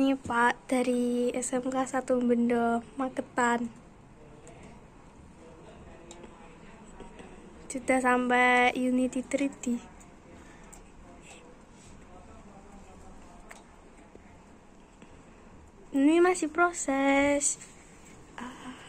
ini Pak dari SMK 1 Bendo Magetan sudah sampai Unity 3D ini masih proses uh,